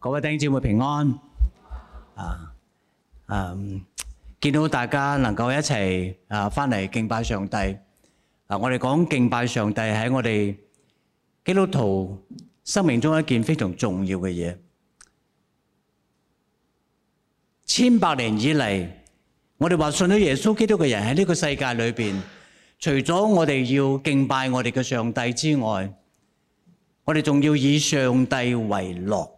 各位弟兄姊妹平安啊！嗯，見到大家能夠一齊啊，返嚟敬拜上帝啊，我哋講敬拜上帝喺我哋基督徒生命中一件非常重要嘅嘢。千百年以嚟，我哋話信咗耶穌基督嘅人喺呢個世界裏面，除咗我哋要敬拜我哋嘅上帝之外，我哋仲要以上帝為樂。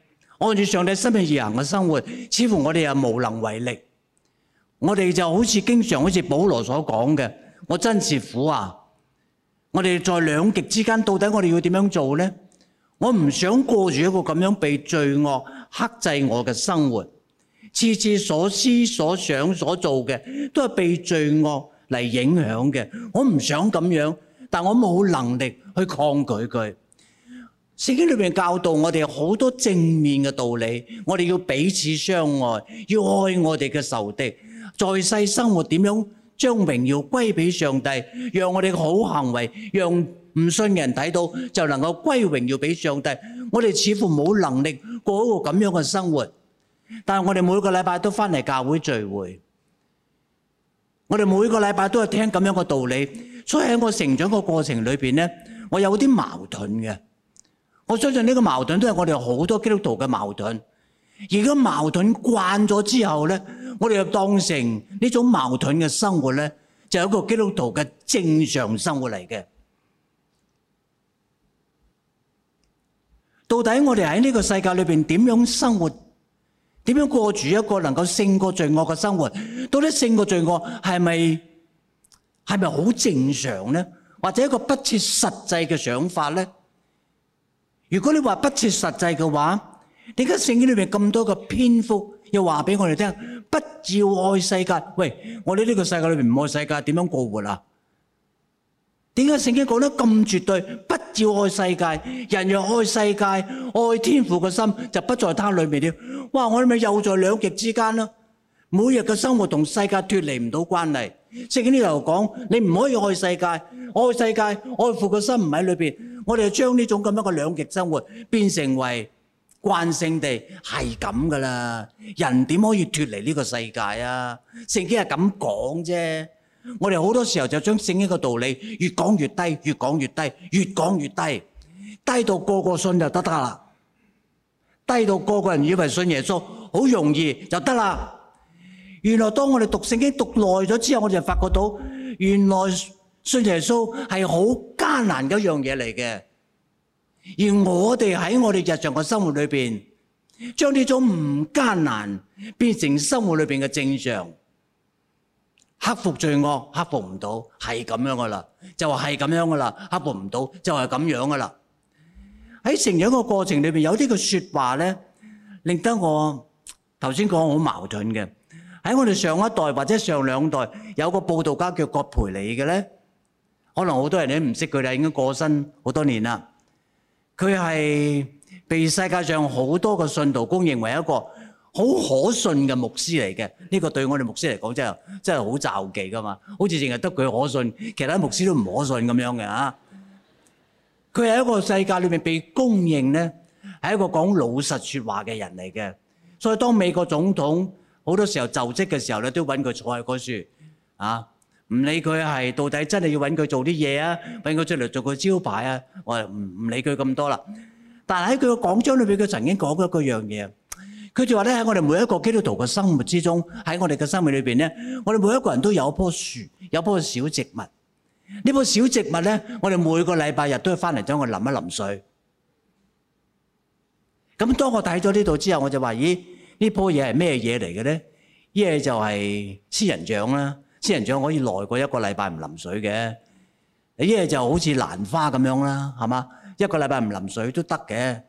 按住上帝心命而行嘅生活，似乎我哋又無能為力。我哋就好似經常好似保羅所講嘅，我真是苦啊！我哋在兩極之間，到底我哋要點樣做咧？我唔想過住一個咁樣被罪惡克制我嘅生活，次次所思所想所做嘅都係被罪惡嚟影響嘅。我唔想咁樣，但我冇能力去抗拒佢。聖經裏面教導我哋好多正面嘅道理，我哋要彼此相愛，要愛我哋嘅仇敵，在世生活點樣將榮耀歸俾上帝，讓我哋嘅好行為，讓唔信嘅人睇到就能夠歸榮耀俾上帝。我哋似乎冇能力過一個咁樣嘅生活，但係我哋每個禮拜都返嚟教會聚會，我哋每個禮拜都係聽咁樣嘅道理，所以喺我成長嘅過程裏面咧，我有啲矛盾嘅。我相信呢個矛盾都係我哋好多基督徒嘅矛盾，而家矛盾慣咗之後咧，我哋就當成呢種矛盾嘅生活咧，就係一個基督徒嘅正常生活嚟嘅。到底我哋喺呢個世界裏邊點樣生活？點樣過住一個能夠勝過罪惡嘅生活？到底勝過罪惡係咪係咪好正常咧？或者一個不切實際嘅想法咧？如果你話不切實際嘅話，點解聖經裏邊咁多嘅篇幅又話俾我哋聽，不要愛世界。喂，我哋呢個世界裏邊唔愛世界，點樣過活啊？點解聖經講得咁絕對，不要愛世界？人若愛世界，愛天父嘅心就不在他裏面了。哇，我哋咪又在兩極之間咯？每日嘅生活同世界脫離唔到關係。聖經呢度又講，你唔可以愛世界，愛世界，愛父嘅心唔喺裏邊。我哋就將呢種咁樣嘅兩極生活變成為慣性地係咁噶啦。人點可以脫離呢個世界啊？聖經係咁講啫。我哋好多時候就將聖經嘅道理越講越低，越講越低，越講越低，低到個個信就得得啦。低到個個人以為信耶穌好容易就得啦。原來當我哋讀聖經讀耐咗之後，我就發覺到原來。信耶穌係好艱難嘅一樣嘢嚟嘅，而我哋喺我哋日常嘅生活裏邊，將呢種唔艱難變成生活裏邊嘅正常，克服罪惡克服唔到係咁樣噶啦，就話係咁樣噶啦，克服唔到就係咁樣噶啦。喺、就是、成長嘅過程裏邊，有啲個說話咧，令得我頭先講好矛盾嘅。喺我哋上一代或者上兩代有個佈道家叫葛培理嘅咧。可能好多人你都唔識佢啦，已經過身好多年啦。佢係被世界上好多個信徒公認為一個好可信嘅牧師嚟嘅。呢個對我哋牧師嚟講，真係真係好罩忌噶嘛。好似淨係得佢可信，其他牧師都唔可信咁樣嘅啊。佢係一個世界裏面被公認咧，係一個講老實說話嘅人嚟嘅。所以當美國總統好多時候就職嘅時候咧，都揾佢坐喺嗰處啊。唔理佢係到底真係要揾佢做啲嘢啊，揾佢出嚟做個招牌啊，我唔唔理佢咁多啦。但係喺佢個講章裏邊，佢曾經講過一樣嘢。佢就話咧，喺我哋每一個基督徒嘅生活之中，喺我哋嘅生命裏邊咧，我哋每一個人都有一樖樹，有樖小植物。呢樖小植物咧，我哋每個禮拜日都要翻嚟將佢淋一淋水。咁當我睇咗呢度之後，我就話：咦，呢樖嘢係咩嘢嚟嘅咧？一係就係仙人掌啦。仙人掌可以耐過一個禮拜唔淋水嘅，一係就好似蘭花咁樣啦，係嘛？一個禮拜唔淋水都得嘅。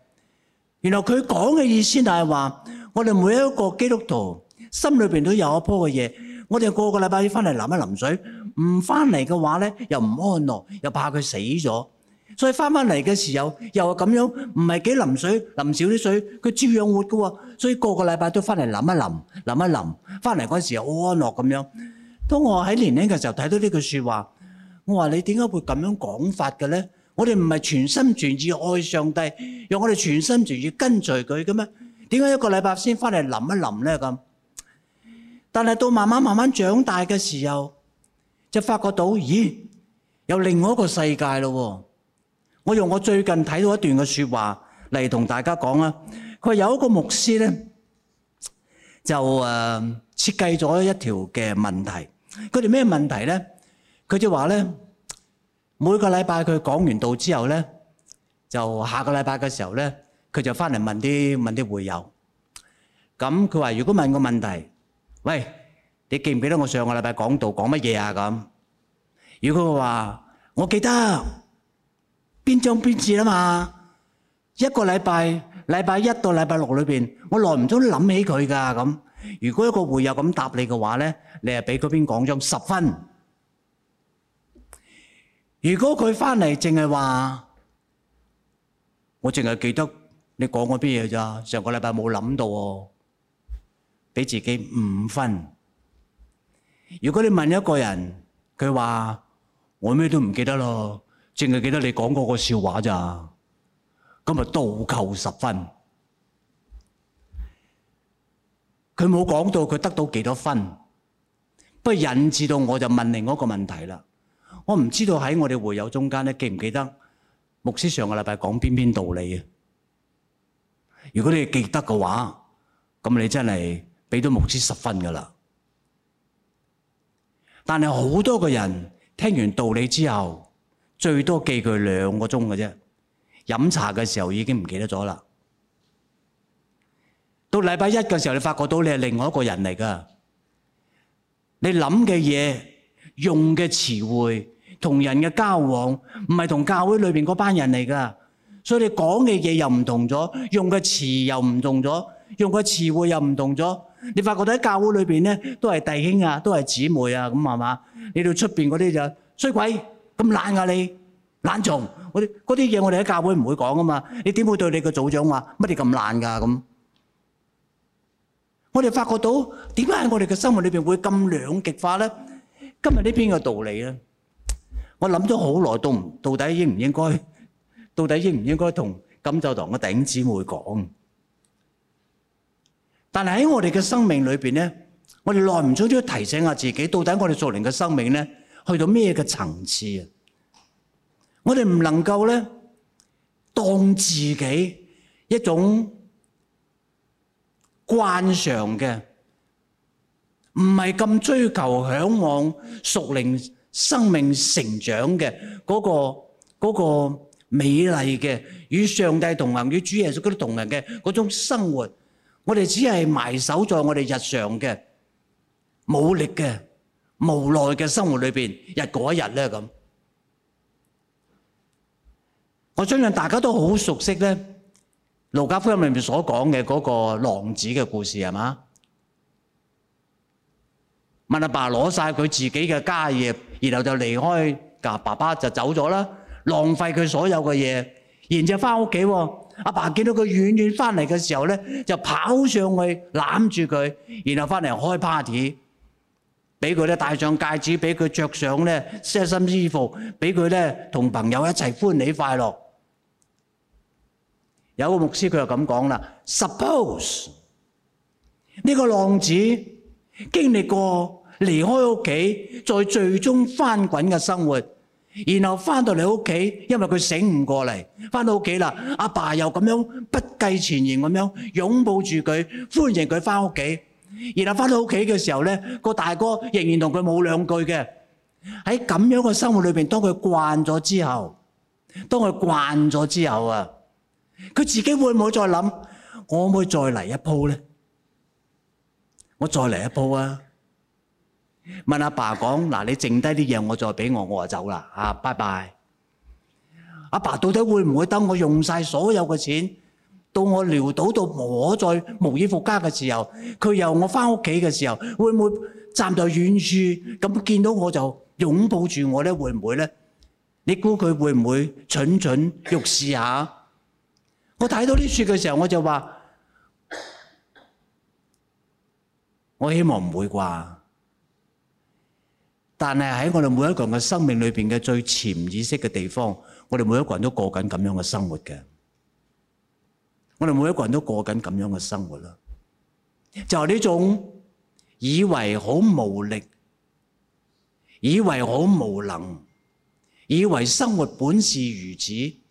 原來佢講嘅意思就係話，我哋每一個基督徒心裏邊都有一樖嘅嘢，我哋個個禮拜要翻嚟淋一淋水，唔翻嚟嘅話咧，又唔安樂，又怕佢死咗。所以翻翻嚟嘅時候，又係咁樣，唔係幾淋水，淋少啲水，佢照樣活嘅喎。所以個個禮拜都翻嚟淋一淋，淋一淋，翻嚟嗰陣時又好安樂咁樣。當我喺年輕嘅時候睇到呢句說話，我話，你點解會咁樣講法嘅咧？我哋唔係全心全意愛上帝，讓我哋全心全意跟隨佢嘅咩？點解一個禮拜先翻嚟諗一諗咧咁？但係到慢慢慢慢長大嘅時候，就發覺到，咦，有另外一個世界咯。我用我最近睇到一段嘅說話嚟同大家講啊，佢話有一個牧師咧，就誒設計咗一條嘅問題。佢哋咩問題咧？佢就話咧，每個禮拜佢講完道之後咧，就下個禮拜嘅時候咧，佢就返嚟問啲問啲會友。咁佢話：如果問個問題，喂，你記唔記得我上個禮拜講道講乜嘢啊？咁如果佢話我記得，邊章邊節吖嘛？一個禮拜，禮拜一到禮拜六裏邊，我耐唔中諗起佢㗎咁。如果一個會友咁答你嘅話呢，你係俾嗰邊講咗十分。如果佢翻嚟淨係話，我淨係記得你講嗰啲嘢咋，上個禮拜冇諗到，俾自己五分。如果你問一個人，佢話我咩都唔記得咯，淨係記得你講嗰個笑話咋，咁啊倒扣十分。佢冇講到佢得到幾多分，不過引致到我就問另外一個問題啦。我唔知道喺我哋會友中間咧，記唔記得牧師上個禮拜講邊邊道理啊？如果你記得嘅話，咁你真係俾到牧師十分噶啦。但係好多個人聽完道理之後，最多記佢兩個鐘嘅啫，飲茶嘅時候已經唔記得咗啦。到禮拜一嘅時候，你發覺到你係另外一個人嚟噶。你諗嘅嘢、用嘅詞彙、同人嘅交往，唔係同教會裏面嗰班人嚟噶。所以你講嘅嘢又唔同咗，用嘅詞又唔同咗，用嘅詞彙又唔同咗。你發覺到喺教會裏面呢，都係弟兄啊，都係姊妹啊，咁係嘛？你到出面嗰啲就衰鬼咁懶噶，你懶蟲，嗰啲嗰啲嘢我哋喺教會唔會講噶嘛。你點會對你嘅組長話乜？你咁懶噶咁？我哋發覺到點解喺我哋嘅生活裏邊會咁兩極化呢？今日呢邊嘅道理呢，我諗咗好耐，到唔到底應唔應該，到底應唔應該同錦繡堂嘅弟兄姊妹講？但係喺我哋嘅生命裏邊呢，我哋耐唔少都要提醒下自己，到底我哋作靈嘅生命呢，去到咩嘅層次啊？我哋唔能夠呢當自己一種。慣常嘅，唔係咁追求、嚮往屬靈生命成長嘅嗰個、嗰個美麗嘅，與上帝同行、與主耶穌嗰啲同行嘅嗰種生活，我哋只係埋首在我哋日常嘅冇力嘅、無奈嘅生活裏邊，日過一日咧咁。我相信大家都好熟悉咧。《路加福音》裏面所講嘅嗰個浪子嘅故事係嘛？問阿爸攞晒佢自己嘅家業，然後就離開，爸爸就走咗啦，浪費佢所有嘅嘢，然之後翻屋企，阿爸，爸見到佢遠遠翻嚟嘅時候咧，就跑上去攬住佢，然後翻嚟開 party，俾佢戴上戒指，俾佢着上咧一身新衣服，俾佢咧同朋友一齊歡喜快樂。有個牧師佢就咁講啦，Suppose 呢個浪子經歷過離開屋企，再最終翻滾嘅生活，然後翻到嚟屋企，因為佢醒唔過嚟，翻到屋企啦，阿爸又咁樣不計前嫌咁樣擁抱住佢，歡迎佢翻屋企，然後翻到屋企嘅時候咧，個大哥仍然同佢冇兩句嘅。喺咁樣嘅生活裏面，當佢慣咗之後，當佢慣咗之後啊～佢自己會唔會再諗？我會再嚟一鋪呢？我再嚟一鋪啊！問阿爸講：嗱，你剩低啲嘢，我再俾我，我就走啦！啊，拜拜！阿爸到底會唔會等我用晒所有嘅錢，到我潦倒到我再無以復加嘅時候，佢由我返屋企嘅時候，會唔會站在遠處咁見到我就擁抱住我呢？會唔會呢？你估佢會唔會蠢蠢欲試下？我睇到呢段嘅時候，我就話：我希望唔會啩。但係喺我哋每一個人嘅生命裏面嘅最潛意識嘅地方，我哋每一個人都過緊咁樣嘅生活嘅。我哋每一個人都過緊咁樣嘅生活啦。就係呢種以為好無力，以為好無能，以為生活本是如此。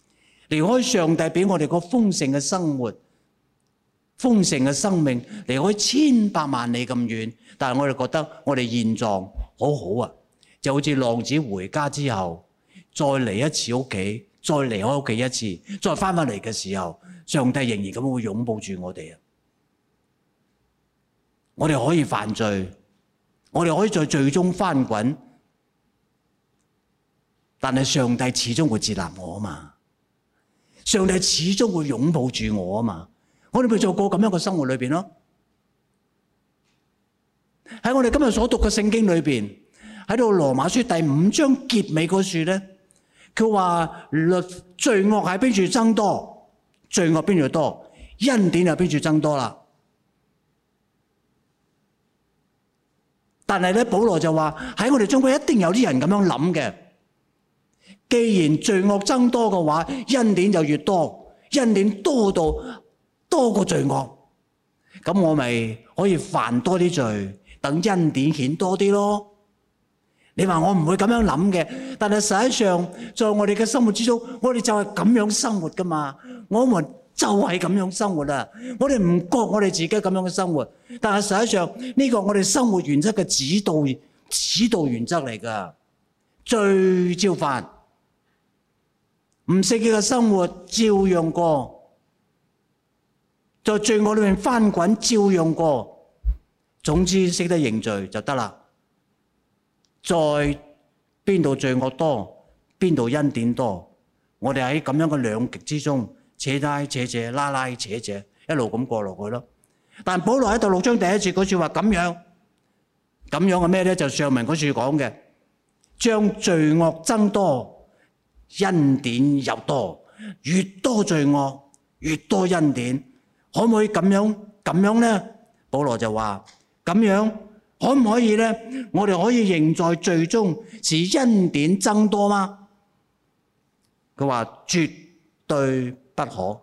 離開上帝俾我哋個豐盛嘅生活，豐盛嘅生命，離開千百萬里咁遠，但係我哋覺得我哋現狀好好啊，就好似浪子回家之後，再嚟一次屋企，再離開屋企一次，再翻返嚟嘅時候，上帝仍然咁會擁抱住我哋啊！我哋可以犯罪，我哋可以在最終翻滾，但係上帝始終會接納我嘛。上帝始終會擁抱住我啊嘛！我哋咪做過咁樣嘅生活裏邊咯。喺我哋今日所讀嘅聖經裏邊，喺到羅馬書第五章結尾嗰處呢，佢話罪惡喺邊處增多，罪惡邊處多，恩典又邊處增多啦。但係呢，保羅就話喺我哋中國一定有啲人咁樣諗嘅。既然罪惡增多嘅話，恩典就越多，恩典多到多過罪惡，咁我咪可以犯多啲罪，等恩典顯多啲咯。你話我唔會咁樣諗嘅，但係實際上在我哋嘅生活之中，我哋就係咁樣生活噶嘛。我們就係咁樣生活啊！我哋唔覺我哋自己咁樣嘅生活，但係實際上呢、這個我哋生活原則嘅指導指導原則嚟噶，罪照犯。唔識佢嘅生活照樣過，在罪惡裏面翻滾照樣過。總之識得認罪就得啦。在邊度罪惡多，邊度恩典多，我哋喺咁樣嘅兩極之中扯拉扯扯拉拉扯扯，一路咁過落去咯。但保羅喺第六章第一節嗰處話咁樣，咁樣係咩呢？就上文嗰處講嘅，將罪惡增多。恩典又多，越多罪惡，越多恩典，可唔可以咁樣咁樣呢？保羅就話咁樣，可唔可以呢？我哋可以仍在罪中，使恩典增多嗎？佢話絕對不可。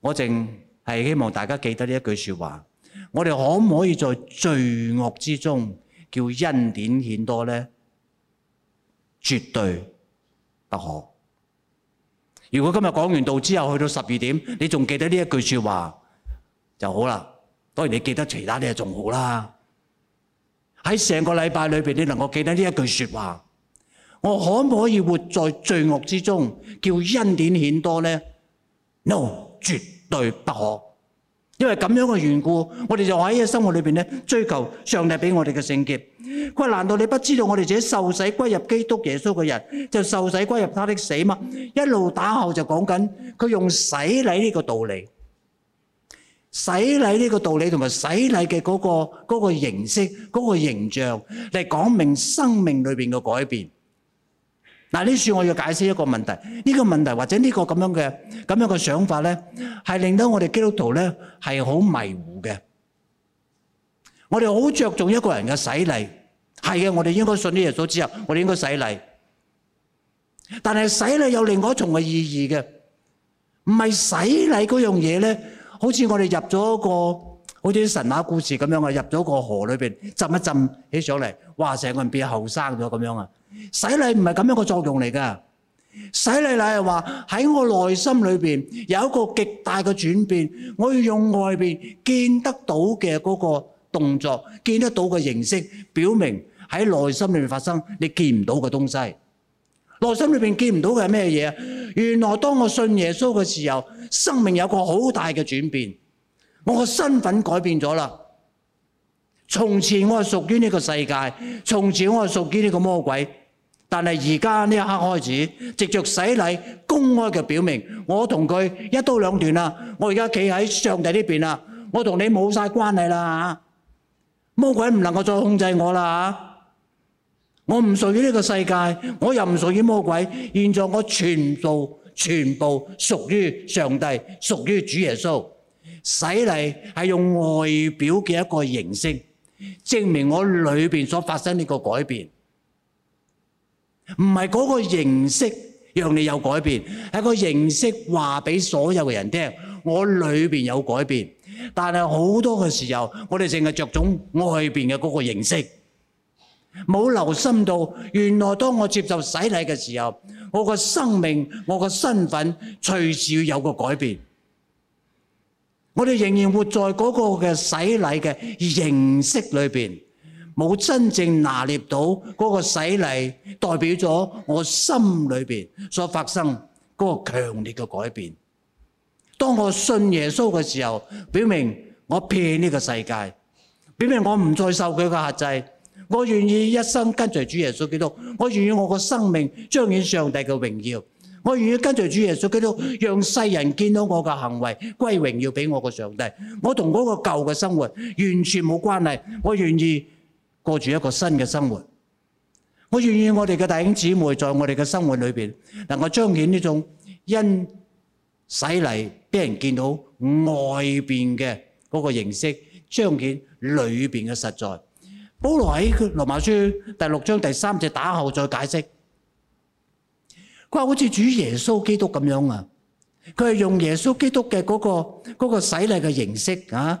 我淨係希望大家記得呢一句說話，我哋可唔可以在罪惡之中？叫恩典顯多呢，絕對不可。如果今日講完道之後去到十二點，你仲記得呢一句説話就好啦。當然你記得其他啲嘢仲好啦。喺成個禮拜裏邊，你能夠記得呢一句説話，我可唔可以活在罪惡之中？叫恩典顯多呢？No，絕對不可。因為咁樣嘅緣故，我哋就喺嘅生活裏邊咧追求上帝俾我哋嘅聖潔。佢話，難道你不知道我哋自己受洗歸入基督耶穌嘅人就受洗歸入他的死嗎？一路打後就講緊佢用洗禮呢個道理，洗禮呢個道理同埋洗禮嘅嗰個嗰個形式嗰個形象嚟講明生命裏邊嘅改變。嗱，呢處我要解釋一個問題，呢個問題或者呢個咁樣嘅咁樣嘅想法咧，係令到我哋基督徒咧係好迷糊嘅。我哋好著重一個人嘅洗禮，係嘅，我哋應該信啲耶穌之後，我哋應該洗禮。但係洗禮有另外一重嘅意義嘅，唔係洗禮嗰樣嘢咧，好似我哋入咗一個好似啲神話故事咁樣啊，入咗個河裏邊浸一浸起上嚟，哇！成個人變成後生咗咁樣啊～洗禮唔係咁樣個作用嚟噶，洗禮乃係話喺我內心裏邊有一個極大嘅轉變，我要用外邊見得到嘅嗰個動作、見得到嘅形式，表明喺內心裏面發生你見唔到嘅東西。內心裏邊見唔到嘅係咩嘢？原來當我信耶穌嘅時候，生命有個好大嘅轉變，我個身份改變咗啦。從前我係屬於呢個世界，從前我係屬於呢個魔鬼。但係而家呢一刻開始，藉著洗禮，公開嘅表明，我同佢一刀兩斷啦！我而家企喺上帝呢邊啦，我同你冇晒關係啦！魔鬼唔能夠再控制我啦！我唔屬於呢個世界，我又唔屬於魔鬼。現在我全部全部屬於上帝，屬於主耶穌。洗禮係用外表嘅一個形式，證明我裏面所發生呢個改變。唔係嗰個形式讓你有改變，係個形式話俾所有嘅人聽，我裏面有改變。但係好多嘅時候，我哋淨係着重外面嘅嗰個形式，冇留心到原來當我接受洗禮嘅時候，我個生命、我個身份隨時有個改變。我哋仍然活在嗰個嘅洗禮嘅形式裏面。冇真正拿捏到嗰個洗禮，代表咗我心裏邊所發生嗰個強烈嘅改變。當我信耶穌嘅時候，表明我撇呢個世界，表明我唔再受佢嘅壓制，我願意一生跟隨主耶穌基督，我願意我個生命彰顯上帝嘅榮耀，我願意跟隨主耶穌基督，讓世人見到我嘅行為歸榮耀俾我個上帝。我同嗰個舊嘅生活完全冇關係，我願意。過住一個新嘅生活，我願意我哋嘅弟兄姊妹在我哋嘅生活裏邊，能夠彰顯呢種因洗禮，俾人見到外邊嘅嗰個形式，彰顯裏邊嘅實在。保羅喺羅馬書第六章第三節打後再解釋，佢話好似主耶穌基督咁樣啊，佢係用耶穌基督嘅嗰個嗰個洗禮嘅形式啊。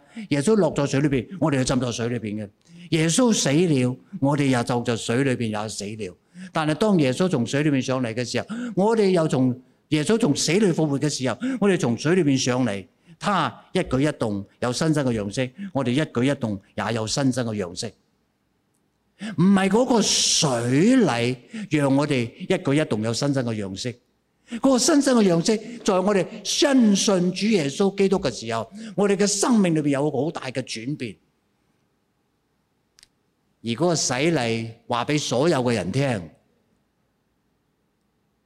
耶穌落在水裏面，我哋就浸在水裏面。耶穌死了，我哋又浸在水裏面，又死了。但係當耶穌從水裏面上嚟嘅時候，我哋又從耶穌從死裏復活嘅時候，我哋從水裏面上嚟。他一舉一動有新生嘅樣式，我哋一舉一動也有新生嘅樣式。唔係嗰個水禮讓我哋一舉一動有新生嘅樣式。嗰個新生嘅樣式，在我哋相信主耶穌基督嘅時候，我哋嘅生命裏邊有好大嘅轉變。而嗰個洗禮話俾所有嘅人聽，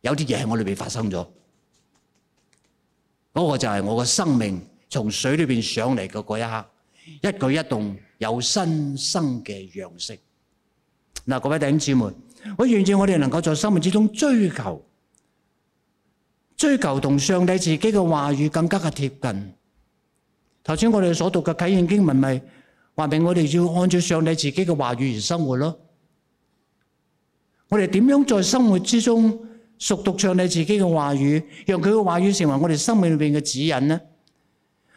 有啲嘢喺我裏邊發生咗。嗰、嗰個就係我嘅生命從水裏邊上嚟嘅嗰一刻，一舉一動有新生嘅樣式。嗱，各位弟兄姊妹，我願意我哋能夠在生命之中追求。追求同上帝自己嘅話語更加嘅貼近。頭先我哋所讀嘅啟應經文咪話明我哋要按照上帝自己嘅話語而生活咯。我哋點樣在生活之中熟讀上帝自己嘅話語，讓佢嘅話語成為我哋生命裏邊嘅指引呢？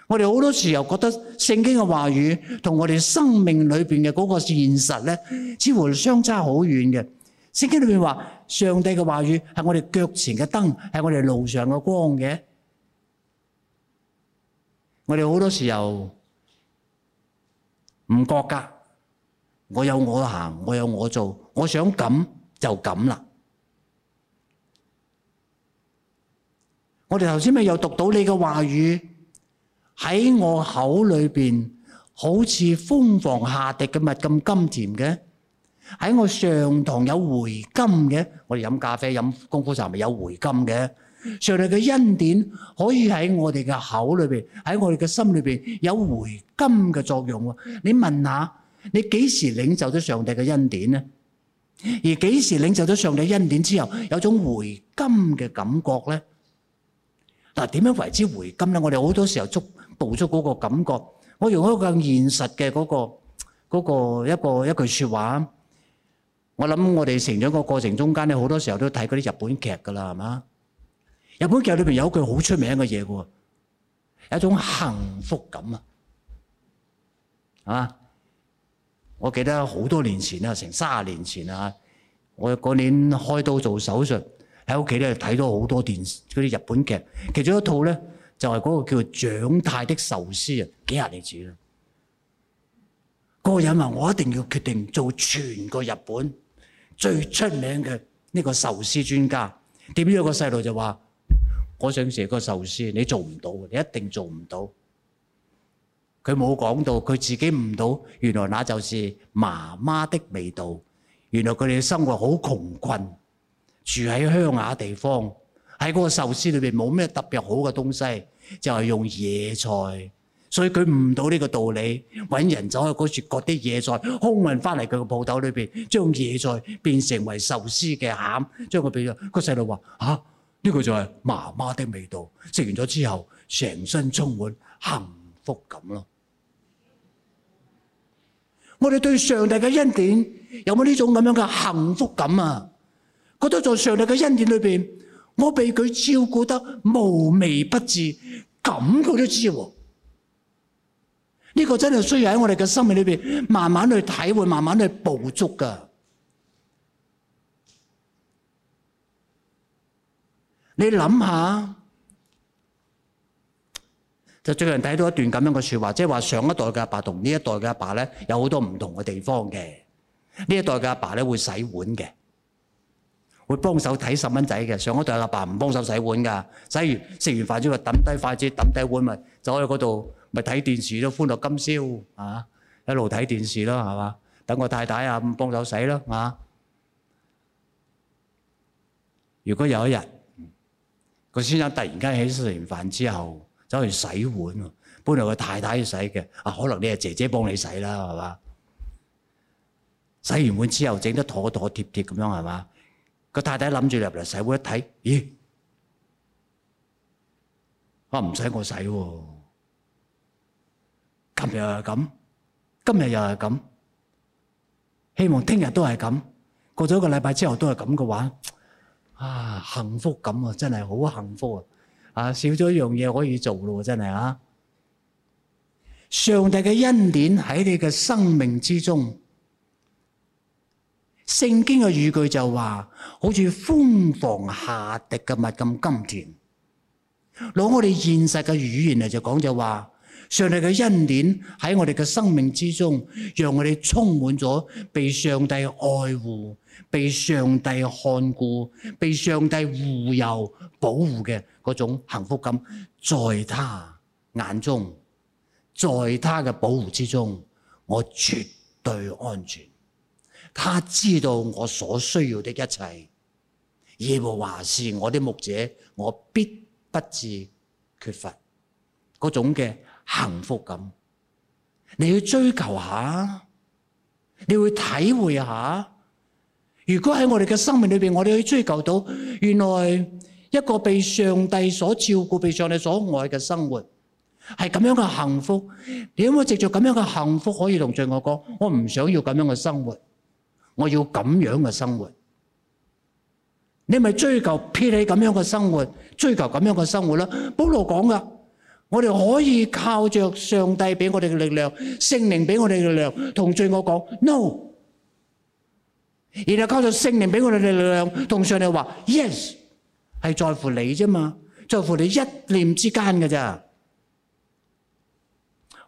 我哋好多時候覺得聖經嘅話語同我哋生命裏邊嘅嗰個現實咧，似乎相差好遠嘅。聖經裏面話，上帝嘅話語係我哋腳前嘅燈，係我哋路上嘅光嘅。我哋好多時候唔覺噶，我有我行，我有我做，我想咁就咁啦。我哋頭先咪又讀到你嘅話語喺我口裏面好似蜂房下滴嘅蜜咁甘甜嘅。喺我上堂有回甘嘅，我哋飲咖啡飲功夫茶咪有回甘嘅。上帝嘅恩典可以喺我哋嘅口裏邊，喺我哋嘅心裏邊有回甘嘅作用喎。你問下，你幾時領受咗上帝嘅恩典咧？而幾時領受咗上帝恩典之後，有種回甘嘅感覺咧？嗱，點樣為之回甘咧？我哋好多時候觸到咗嗰個感覺。我用一個更現實嘅嗰、那個一、那個、那個那個、一句説話。我諗我哋成長個過程中間咧，好多時候都睇嗰啲日本劇噶啦，係嘛？日本劇裏邊有一句好出名嘅嘢噶，有一種幸福感啊！啊！我記得好多年前啦，成卅年前啦，我嗰年開刀做手術，喺屋企咧睇咗好多電視嗰啲日本劇，其中一套咧就係、是、嗰個叫做《將太的壽司》啊，幾廿年前啦。個人話我一定要決定做全個日本最出名嘅呢個壽司專家，點知個細路就話：我想食個壽司，你做唔到，你一定做唔到。佢冇講到，佢自己悟到，原來那就是媽媽的味道。原來佢哋嘅生活好窮困，住喺鄉下地方，喺嗰個壽司裏面冇咩特別好嘅東西，就係、是、用野菜。所以佢悟到呢個道理，揾人走去嗰處割啲野菜，空運翻嚟佢個鋪頭裏邊，將野菜變成為壽司嘅餡，將佢俾咗個細路話吓，呢、啊呢個就係媽媽的味道。食完咗之後，成身充滿幸福感咯。 我哋對上帝嘅恩典有冇呢種咁樣嘅幸福感啊？覺得在上帝嘅恩典裏邊，我被佢照顧得無微不至，咁佢都知喎。呢個真係需要喺我哋嘅生命裏邊慢慢去體會，慢慢去捕捉噶。你諗下，就最近睇到一段咁樣嘅説話，即係話上一代嘅阿爸同呢一代嘅阿爸咧，有好多唔同嘅地方嘅。呢一代嘅阿爸咧會洗碗嘅，會幫手睇細蚊仔嘅。上一代阿爸唔幫手洗碗噶，洗完食完飯之後抌低筷子、抌低碗咪走去嗰度。咪睇電視咯，歡樂今宵啊！一路睇電視咯，係嘛？等我太太啊，幫手洗咯啊！如果有一日，個先生突然間起身食完飯之後，走去洗碗，本來個太太要洗嘅，啊，可能你係姐姐幫你洗啦，係嘛？洗完碗之後整得妥妥貼貼咁樣，係嘛？個太太諗住入嚟洗碗，一睇，咦？啊，唔使我洗喎，啊！琴日又係咁，今日又係咁，希望聽日都係咁。過咗一個禮拜之後都係咁嘅話，啊，幸福感啊，真係好幸福啊！啊，少咗一樣嘢可以做咯，真係啊！上帝嘅恩典喺你嘅生命之中，聖經嘅語句就話，好似蜂房下滴嘅蜜咁甘甜。攞我哋現實嘅語言嚟就講就話。上帝嘅恩典喺我哋嘅生命之中，讓我哋充滿咗被上帝愛護、被上帝看顧、被上帝護佑、保護嘅嗰種幸福感。在他眼中，在他嘅保護之中，我絕對安全。他知道我所需要的一切。耶和華是我的牧者，我必不至缺乏。嗰種嘅。幸福感，你要追求下，你要體會下。如果喺我哋嘅生命裏邊，我哋去追求到，原來一個被上帝所照顧、被上帝所愛嘅生活，係咁樣嘅幸福。你有冇藉著咁樣嘅幸福，可以同罪惡講：我唔想要咁樣嘅生活，我要咁樣嘅生活。你咪追求撇起咁樣嘅生活，追求咁樣嘅生活啦。保羅講噶。我哋可以靠着上帝俾我哋嘅力量、聖靈俾我哋嘅力量，同罪惡講 no，然後靠著聖靈俾我哋嘅力量，同上帝話 yes，係在乎你啫嘛，在乎你一念之間嘅啫。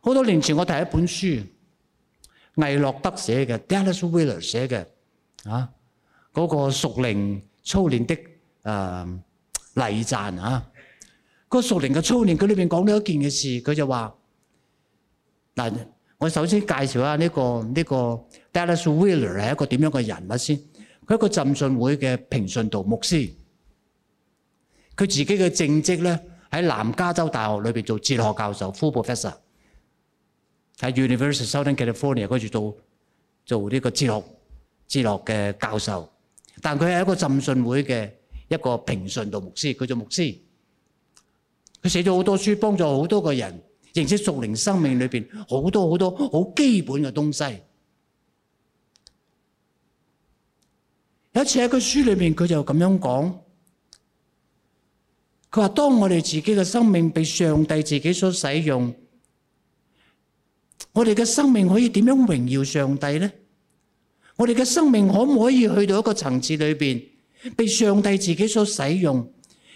好多年前我睇一本書，魏樂德寫嘅、Dallas Willard 寫嘅啊，嗰、那個屬靈操練的誒禮讚啊。個熟練嘅初年，佢裏邊講咗一件嘅事，佢就話：嗱，我首先介紹下呢、呢個呢、呢個 Dallas Wheeler 係一個點樣嘅人物先。佢一個浸信會嘅平信道牧師，佢自己嘅正職咧喺南加州大學裏邊做哲學教授 （full professor）、mm hmm. 喺 University Southern California 嗰度做做呢個哲學哲學嘅教授。但佢係一個浸信會嘅一個平信道牧師，佢做牧師。佢寫咗好多書，幫助好多個人認識屬靈生命裏邊好多好多好基本嘅東西。有一次喺個書裏面，佢就咁樣講，佢話當我哋自己嘅生命被上帝自己所使用，我哋嘅生命可以點樣榮耀上帝咧？我哋嘅生命可唔可以去到一個層次裏邊，被上帝自己所使用？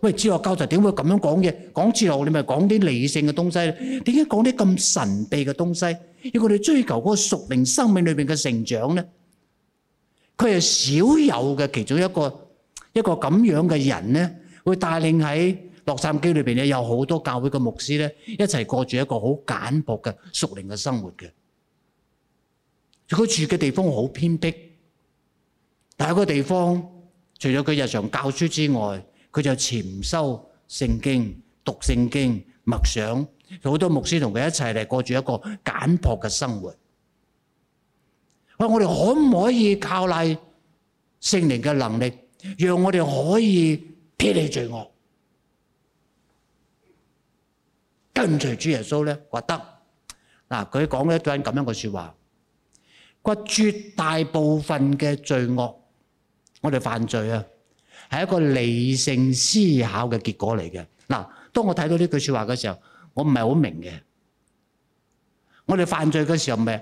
喂，哲學教授點會咁樣講嘢？講哲學，你咪講啲理性嘅東西，點解講啲咁神秘嘅東西？要我哋追求嗰個屬靈生命裏邊嘅成長咧？佢係少有嘅其中一個一個咁樣嘅人咧，會帶領喺洛杉磯裏邊咧，有好多教會嘅牧師咧，一齊過住一個好簡樸嘅屬靈嘅生活嘅。佢住嘅地方好偏僻，但係個地方除咗佢日常教書之外，佢就潛修聖經、讀聖經、默想，好多牧師同佢一齊嚟過住一個簡朴嘅生活。喂，我哋可唔可以靠賴聖靈嘅能力，讓我哋可以撇離罪惡，跟隨主耶穌呢？得嗱，佢講咗一句咁樣嘅說話，佢講絕大部分嘅罪惡，我哋犯罪啊，係一個理性思考嘅結果嚟嘅。嗱，當我睇到呢句説話嘅時候，我唔係好明嘅。我哋犯罪嘅時候咪，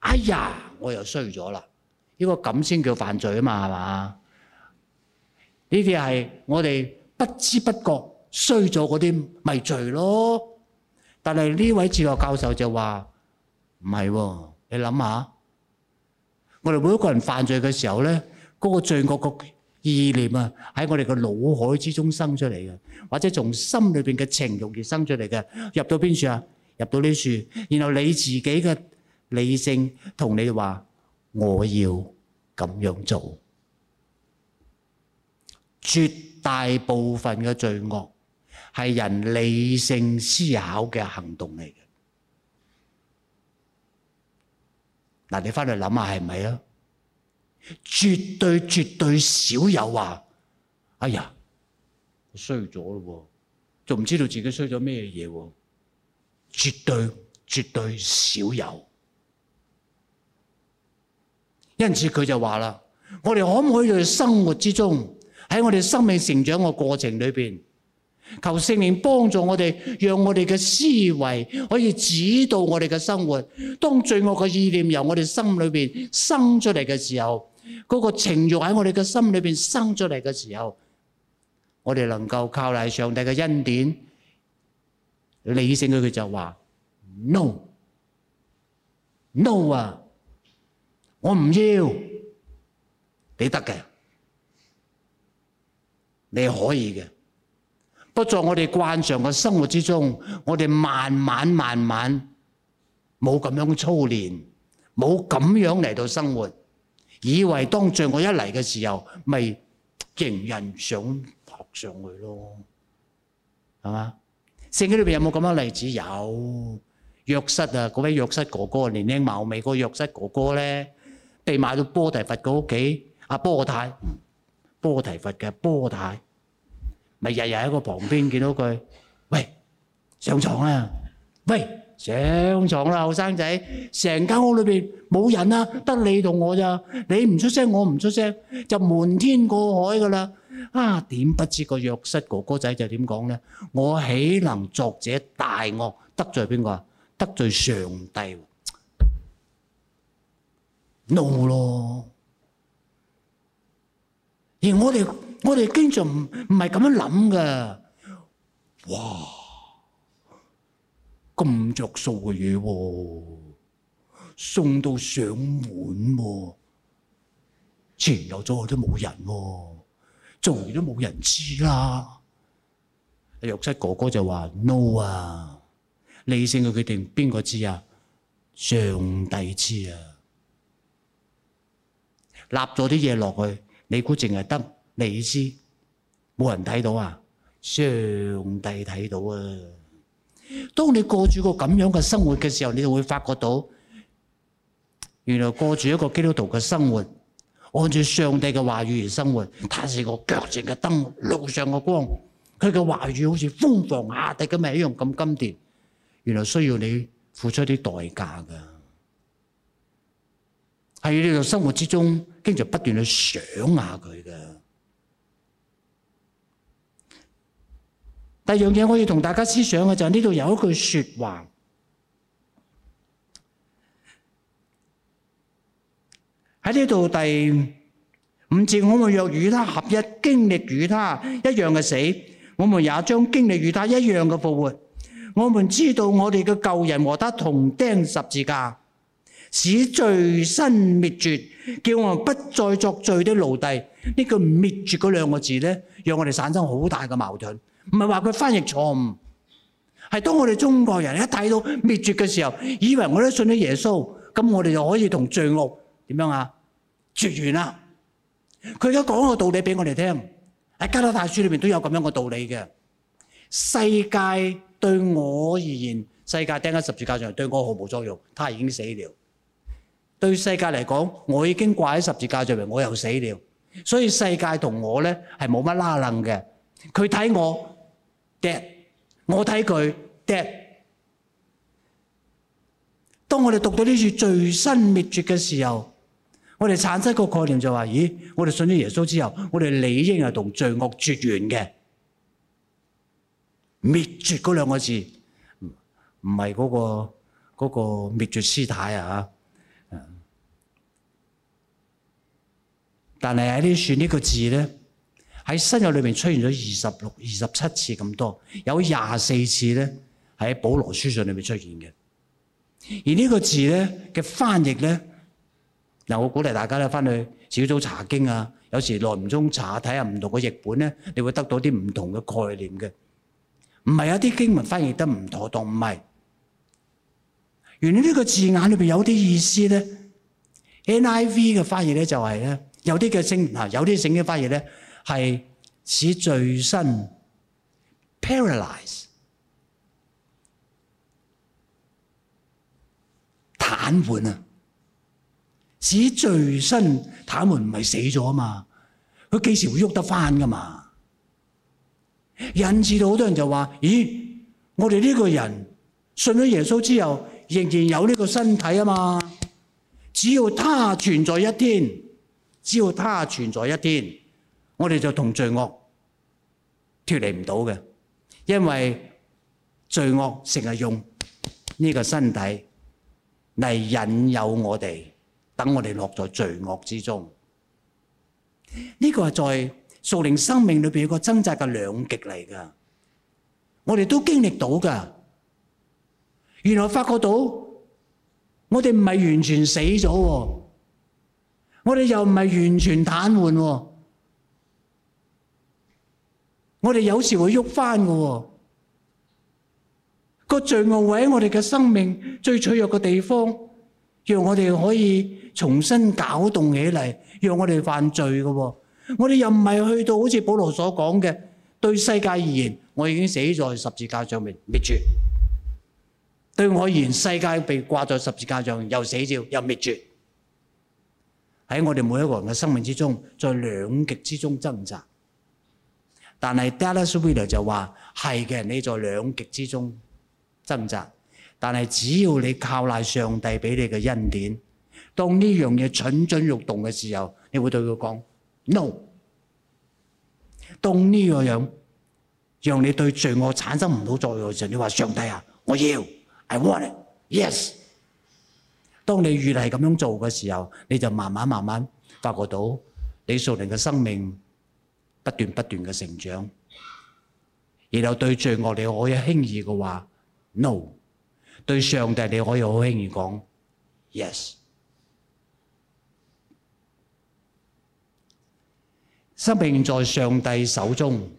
哎呀，我又衰咗啦！呢個咁先叫犯罪啊嘛，係嘛？呢啲係我哋不知不覺衰咗嗰啲咪罪咯。但係呢位哲學教授就話唔係喎，你諗下，我哋每一個人犯罪嘅時候咧，嗰個罪惡局。」意念啊，喺我哋個腦海之中生出嚟嘅，或者從心裏面嘅情慾而生出嚟嘅，入到邊處啊？入到呢處，然後你自己嘅理性同你話我要咁樣做，絕大部分嘅罪惡係人理性思考嘅行動嚟嘅。嗱，你返去諗下係咪啊？絕對絕對少有話，哎呀，衰咗咯，仲唔知道自己衰咗咩嘢？絕對絕對少有，因此佢就話啦，我哋可唔可以喺生活之中，喺我哋生命成長個過程裏邊？求聖靈幫助我哋，讓我哋嘅思維可以指導我哋嘅生活。當罪惡嘅意念由我哋心裏面生出嚟嘅時候，嗰、那個情慾喺我哋嘅心裏面生出嚟嘅時候，我哋能夠靠賴上帝嘅恩典。理性嘅佢就話：No，No 啊，我唔要，你得嘅，你可以嘅。不在我哋慣常嘅生活之中，我哋慢慢慢慢冇咁樣操練，冇咁樣嚟到生活，以為當罪惡一嚟嘅時候，咪迎人上學上去咯，係嘛？聖經裏面有冇咁樣例子？有約瑟啊，嗰位約瑟哥哥，年輕貌美嗰個約瑟哥哥咧，被賣到波提佛嘅屋企，阿波太，波提佛嘅波太。咪日日喺個旁邊見到佢，喂上牀啦，喂上牀啦，後生仔，成間屋裏邊冇人啦，得你同我咋，你唔出聲，我唔出聲，就瞞天過海噶啦。啊，點不知個約瑟哥哥仔就點講咧？我豈能作這大惡得罪邊個啊？得罪上帝，怒咯。而我哋。我哋經常唔唔係咁樣諗嘅，哇！咁着數嘅嘢喎，送到上門喎，啊，前後左右都冇人喎，啊，做完都冇人知啦，啊。約瑟哥哥就話：No 啊，理性嘅決定邊個知啊？上帝知啊！立咗啲嘢落去，你估淨係得？你知冇人睇到啊？上帝睇到啊！當你過住個咁樣嘅生活嘅時候，你就會發覺到，原來過住一個基督徒嘅生活，按住上帝嘅話語而生活，它是個腳前嘅燈，路上嘅光。佢嘅話語好似風狂下滴咁蜜一樣咁甘甜。原來需要你付出啲代價噶，喺你嘅生活之中，經常不斷去想下佢噶。第二樣嘢我要同大家思想嘅就係呢度有一句説話喺呢度第五節，我們若與他合一經歷與他，經歷與他一樣嘅死，我們也將經歷與他一樣嘅復活。我們知道我哋嘅舊人和他同釘十字架，使罪身滅絕，叫我們不再作罪的奴隸。呢句滅絕嗰兩個字咧，讓我哋產生好大嘅矛盾。唔係話佢翻譯錯誤，係當我哋中國人一睇到滅絕嘅時候，以為我哋都信咗耶穌，咁我哋就可以同罪惡點樣啊絕緣啦。佢而家講個道理俾我哋聽，喺加拉太書裏面都有咁樣個道理嘅。世界對我而言，世界釘喺十字架上面，對我毫無作用，他已經死了。對世界嚟講，我已經掛喺十字架上面，我又死了。所以世界同我咧係冇乜拉楞嘅。佢睇我。掟，我睇佢掟。Dead. 當我哋讀到呢處罪身滅絕嘅時候，我哋產生個概念就話，是，咦，我哋信咗耶穌之後，我哋理應係同罪惡絕緣嘅。滅絕嗰兩個字，唔唔係嗰個嗰、嗰個滅絕師太啊吓。但係喺呢處呢個字咧。喺新約裏邊出現咗二十六、二十七次咁多，有廿四次咧係喺保羅書信裏邊出現嘅。而呢個字咧嘅翻譯咧，嗱我鼓勵大家咧返去小組查經啊，有時耐唔中查睇下唔同嘅譯本咧，你會得到啲唔同嘅概念嘅。唔係有啲經文翻譯得唔妥當，唔係。原來呢個字眼裏邊有啲意思咧，NIV 嘅翻譯咧就係咧，有啲嘅聖啊，有啲聖經翻譯咧。係使罪身 paralyze 癱瘓啊！使罪身癱瘓唔係死咗啊嘛？佢幾時會喐得返㗎嘛？引致到好多人就話：咦，我哋呢個人信咗耶穌之後，仍然有呢個身體啊嘛？只要他存在一天，只要他存在一天。我哋就同罪惡脫離唔到嘅，因為罪惡成日用呢個身體嚟引誘我哋，等我哋落在罪惡之中。呢個係屬靈生命裏面一個掙扎嘅兩極嚟㗎。我哋都經歷到㗎，原來發覺到我哋唔係完全死咗喎，我哋又唔係完全癱瘓喎。我哋有時會喐翻嘅喎，個罪惡會喺我哋嘅生命最脆弱嘅地方，讓我哋可以重新搞動起嚟，讓我哋犯罪嘅喎。我哋又唔係去到好似保羅所講嘅，對世界而言，我已經死在十字架上面滅絕；對我而言，世界被掛在十字架上，又死咗又滅絕。喺我哋每一個人嘅生命之中，在兩極之中掙扎。但係 Dallas Willard 就話係嘅，你在兩極之中掙扎。但係只要你靠賴上帝俾你嘅恩典，當呢樣嘢蠢蠢欲動嘅時候，你會對佢講 no。當呢個樣讓你對罪惡產生唔到作用嘅時候，你話上帝啊，我要 I want it, yes。當你越嚟咁樣做嘅時候，你就慢慢慢慢發覺到李素玲嘅生命。不斷不斷嘅成長，然後對罪惡你可以輕易嘅話 No，對上帝你可以好輕易講 Yes。生命在上帝手中，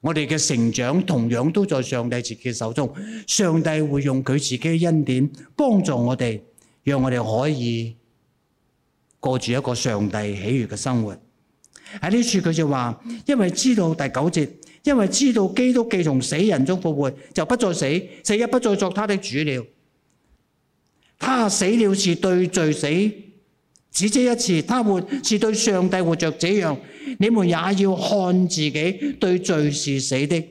我哋嘅成長同樣都在上帝自己嘅手中。上帝會用佢自己嘅恩典幫助我哋，讓我哋可以過住一個上帝喜悅嘅生活。喺呢處佢就話，因為知道第九節，因為知道基督既從死人中復活，就不再死，死也不再作他的主了。他死了是對罪死，只這一次他活是對上帝活着。這樣你們也要看自己對罪是死的，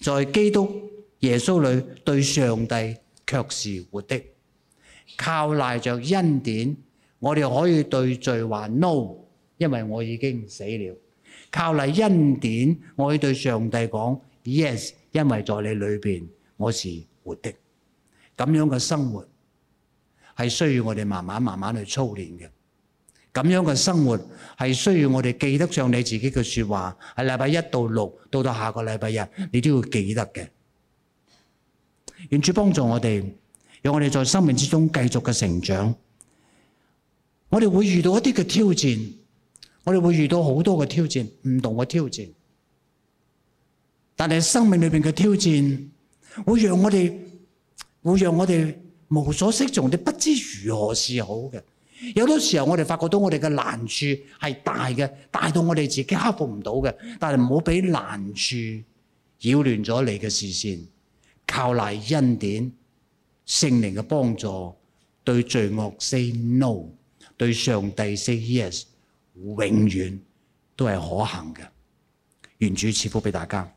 在基督耶穌裏對上帝卻是活的，靠賴着恩典。我哋可以對罪話 no，因為我已經死了。靠嚟恩典，我要對上帝講 yes，因為在你裏邊我是活的。咁樣嘅生活係需要我哋慢慢慢慢去操練嘅。咁樣嘅生活係需要我哋記得上你自己嘅説話，喺禮拜一到六到到下個禮拜日，你都要記得嘅。願主幫助我哋，讓我哋在生命之中繼續嘅成長。我哋會遇到一啲嘅挑戰，我哋會遇到好多嘅挑戰，唔同嘅挑戰。但係生命裏邊嘅挑戰會讓我哋會讓我哋無所適從，你不知如何是好嘅。有好多時候，我哋發覺到我哋嘅難處係大嘅，大到我哋自己克服唔到嘅。但係唔好俾難處擾亂咗你嘅視線，靠賴恩典、聖靈嘅幫助，對罪惡 say no。對上帝 say yes，永遠都係可行嘅。願主賜福俾大家。